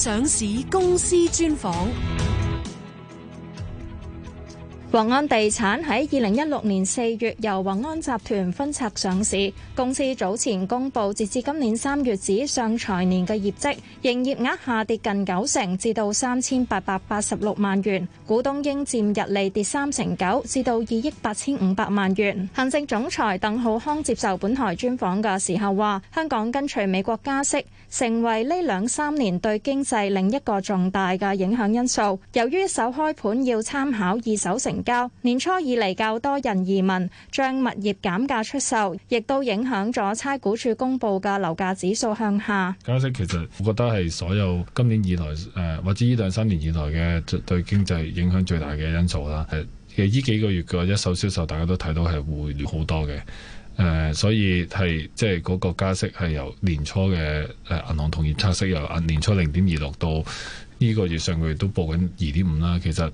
上市公司專訪。宏安地產喺二零一六年四月由宏安集團分拆上市。公司早前公布，截至今年三月止上財年嘅業績，營業額下跌近九成，至到三千八百八十六萬元；股東應占日利跌三成九，至到二億八千五百萬元。行政總裁鄧灝康接受本台專訪嘅時候話，香港跟隨美國加息，成為呢兩三年對經濟另一個重大嘅影響因素。由於首開盤要參考二手成。年初以嚟較多人移民，將物業減價出售，亦都影響咗差估署公布嘅樓價指數向下。加息其實我覺得係所有今年以來誒，或者呢兩三年以來嘅對經濟影響最大嘅因素啦。其實呢幾個月嘅一手銷售，大家都睇到係回暖好多嘅。誒，所以係即係嗰個加息係由年初嘅誒銀行同業拆息由年初零點二六到。呢、這個月上個月都報緊二點五啦，其實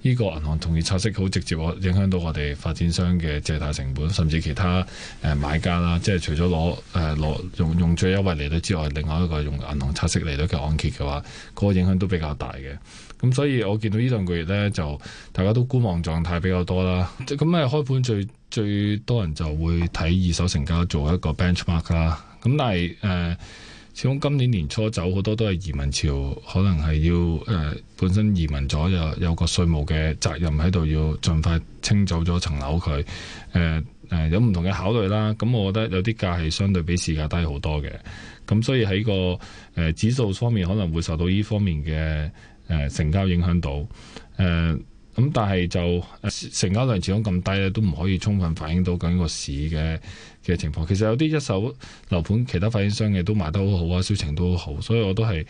呢個銀行同業拆息好直接，我影響到我哋發展商嘅借貸成本，甚至其他誒買家啦，即係除咗攞誒攞用用最優惠利率之外，另外一個用銀行拆息利率嘅按揭嘅話，嗰、那個影響都比較大嘅。咁所以我見到呢兩個月呢，就大家都觀望狀態比較多啦。咁誒開盤最最多人就會睇二手成交做一個 benchmark 啦。咁但係誒。呃始終今年年初走好多都係移民潮，可能係要誒、呃、本身移民咗就有，有個稅務嘅責任喺度，要盡快清走咗層樓佢誒有唔同嘅考慮啦。咁我覺得有啲價係相對比市價低好多嘅，咁所以喺、這個誒、呃、指數方面可能會受到呢方面嘅、呃、成交影響到。咁但係就成交量始終咁低咧，都唔可以充分反映到緊個市嘅嘅情況。其實有啲一手樓盤，其他發展商嘅都賣得好好啊，銷情都好好，所以我都係。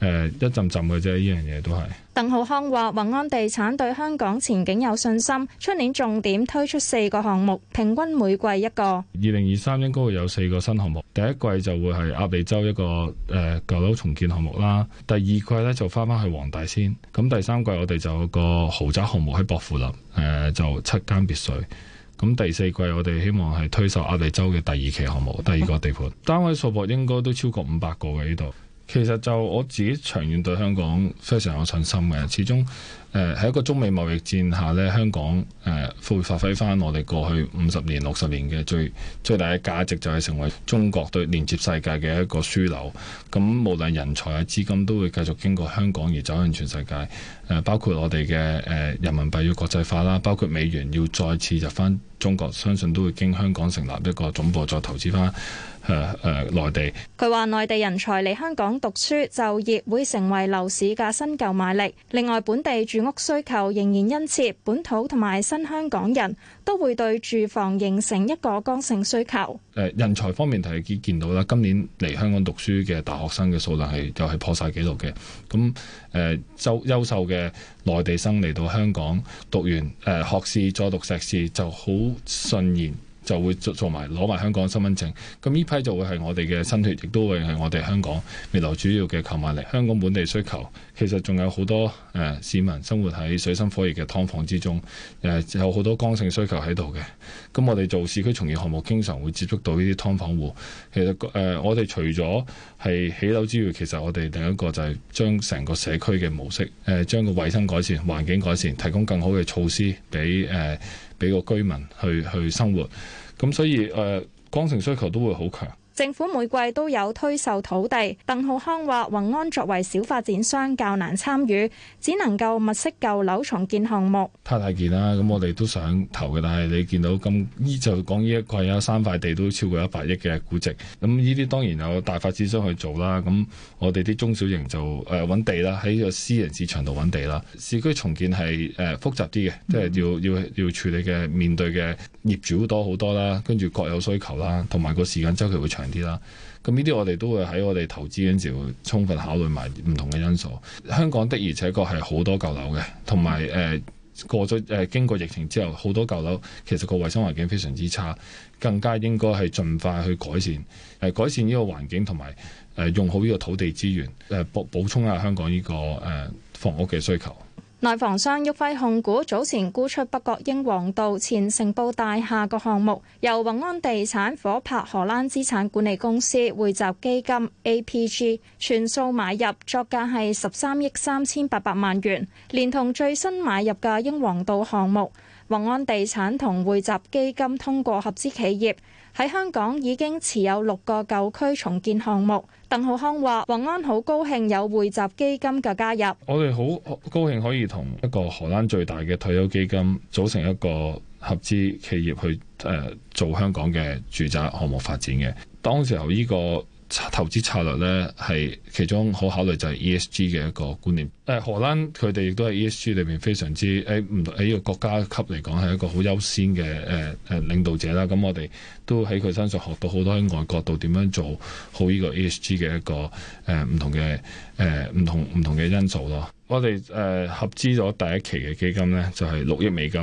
誒、嗯、一陣陣嘅啫，呢樣嘢都係。鄧灝康話：宏安地產對香港前景有信心，出年重點推出四個項目，平均每季一個。二零二三應該會有四個新項目，第一季就會係鴨脷洲一個誒舊樓重建項目啦，第二季呢，就返返去黃大仙，咁第三季我哋就有個豪宅項目喺薄扶林，誒、呃、就七間別墅。咁第四季我哋希望係推售鴨脷洲嘅第二期項目，第二個地盤、嗯、單位數目應該都超過五百個嘅呢度。其實就我自己長遠對香港非常有信心嘅，始終。誒喺一個中美貿易戰下咧，香港誒會、呃、發揮翻我哋過去五十年、六十年嘅最最大嘅價值，就係成為中國對連接世界嘅一個樞紐。咁無論人才啊、資金都會繼續經過香港而走向全世界。呃、包括我哋嘅、呃、人民幣要國際化啦，包括美元要再次入翻中國，相信都會經香港成立一個總部再投資翻、呃呃、內地。佢話內地人才嚟香港讀書就業會成為樓市嘅新購買力。另外本地住屋需求仍然殷切，本土同埋新香港人都會對住房形成一個剛性需求。誒，人才方面睇見見到啦，今年嚟香港讀書嘅大學生嘅數量係又係破晒紀錄嘅。咁誒，周、呃、優秀嘅內地生嚟到香港讀完誒、呃、學士，再讀碩士就好順延。就會做埋攞埋香港身份證，咁呢批就會係我哋嘅新血，亦都會係我哋香港未來主要嘅購買力。香港本地需求其實仲有好多、呃、市民生活喺水深火熱嘅劏房之中，呃、有好多剛性需求喺度嘅。咁我哋做市區重建項目，經常會接觸到呢啲劏房戶、呃。其實我哋除咗係起樓之餘，其實我哋另一個就係將成個社區嘅模式，呃、將個衛生改善、環境改善，提供更好嘅措施俾俾個居民去去生活，咁所以誒、呃，剛性需求都會好強。政府每季都有推售土地，鄧灝康話宏安作為小發展商較難參與，只能夠物色舊樓重建項目。太大件啦，咁我哋都想投嘅，但係你見到咁，依就講呢一季有三塊地都超過一百億嘅估值，咁呢啲當然有大發展商去做啦。咁我哋啲中小型就誒揾、呃、地啦，喺個私人市場度揾地啦。市區重建係誒、呃、複雜啲嘅，即係要要要處理嘅面對嘅業主好多好多啦，跟住各有需求啦，同埋個時間周期會長。啲啦，咁呢啲我哋都會喺我哋投資陣時會充分考慮埋唔同嘅因素。香港的而且確係好多舊樓嘅，同埋誒過咗誒經過疫情之後，好多舊樓其實個衛生環境非常之差，更加應該係盡快去改善，改善呢個環境，同埋誒用好呢個土地資源，誒補補充下香港呢個誒房屋嘅需求。內房商旭輝控股早前沽出北角英皇道前城邦大廈個項目，由宏安地產伙拍荷蘭資產管理公司匯集基金 APG 全數買入，作價係十三億三千八百萬元，連同最新買入嘅英皇道項目。宏安地產同匯集基金通過合資企業喺香港已經持有六個舊區重建項目。鄧灝康話：宏安好高興有匯集基金嘅加入。我哋好高興可以同一個荷蘭最大嘅退休基金組成一個合資企業去誒做香港嘅住宅項目發展嘅。當時候、這、呢個投資策略呢係其中好考慮就係 ESG 嘅一個觀念。誒、呃、荷蘭佢哋亦都係 ESG 裏面非常之誒唔喺呢個國家級嚟講係一個好優先嘅誒誒領導者啦。咁我哋都喺佢身上學到好多喺外國度點樣做好呢個 ESG 嘅一個誒唔、呃、同嘅誒唔同唔同嘅因素咯。我哋誒、呃、合資咗第一期嘅基金呢，就係、是、六億美金，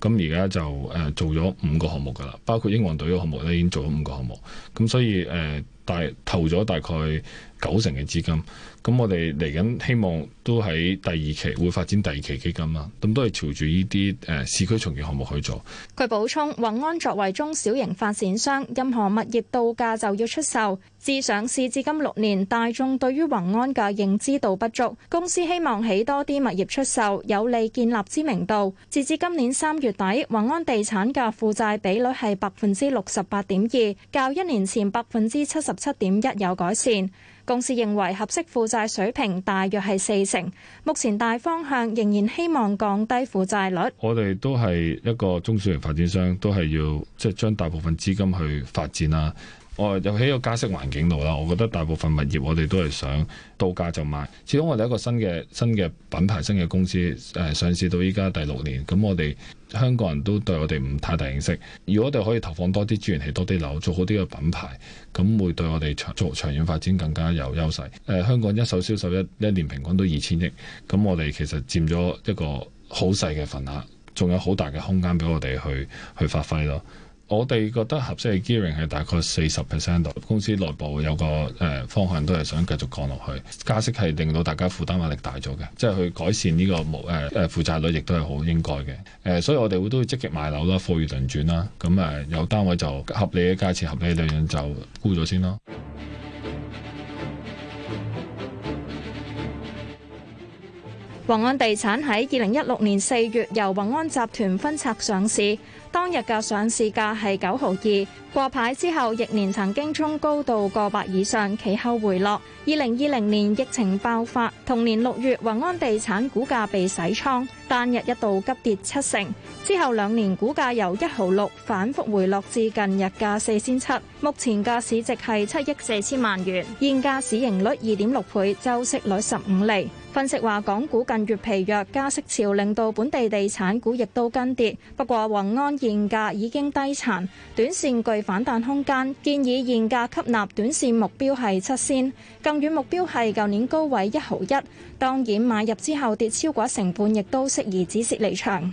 咁而家就誒、呃、做咗五個項目噶啦，包括英皇隊呢個項目呢已經做咗五個項目，咁所以誒。呃大投咗大概九成嘅資金。咁我哋嚟緊，希望都喺第二期會發展第二期基金啦。咁都係朝住呢啲誒市區重建項目去做。佢補充，宏安作為中小型發展商，任何物業到價就要出售。自上市至今六年，大眾對於宏安嘅認知度不足。公司希望起多啲物業出售，有利建立知名度。截至今年三月底，宏安地產嘅負債比率係百分之六十八點二，較一年前百分之七十七點一有改善。公司認為合適負債水平大約係四成，目前大方向仍然希望降低負債率。我哋都係一個中小型發展商，都係要即係將大部分資金去發展啦。我又喺個加息環境度啦，我覺得大部分物業我哋都係想到價就賣。始終我哋一個新嘅新嘅品牌、新嘅公司、呃，上市到依家第六年，咁我哋香港人都對我哋唔太大認識。如果我哋可以投放多啲資源、起多啲樓，做好啲嘅品牌，咁會對我哋做長、長遠發展更加有優勢。呃、香港一手銷售一一年平均都二千億，咁我哋其實佔咗一個好細嘅份額，仲有好大嘅空間俾我哋去去發揮咯。我哋覺得合適嘅 gearing 係大概四十 percent 度。公司內部有個誒、呃、方向都係想繼續降落去加息，係令到大家負擔壓力大咗嘅，即係去改善呢、這個無誒誒負債率是很，亦都係好應該嘅誒。所以，我哋會都會積極賣樓啦，貨如輪轉啦。咁誒、呃、有單位就合理嘅價錢，合理嘅利潤就沽咗先咯。宏安地產喺二零一六年四月由宏安集團分拆上市。當日嘅上市價係九毫二。掛牌之後，翌年曾經衝高到過百以上，其後回落。二零二零年疫情爆發，同年六月宏安地產股價被洗倉，單日一度急跌七成。之後兩年股價由一毫六反覆回落至近日價四千七，目前嘅市值係七億四千萬元，現價市盈率二點六倍，周息率十五厘。分析話，港股近月疲弱，加息潮令到本地地產股亦都跟跌。不過宏安現價已經低殘，短線具反彈空間，建議現價吸納，短線目標係七仙，更遠目標係舊年高位一毫一。當然買入之後跌超過成半，亦都適宜止蝕離場。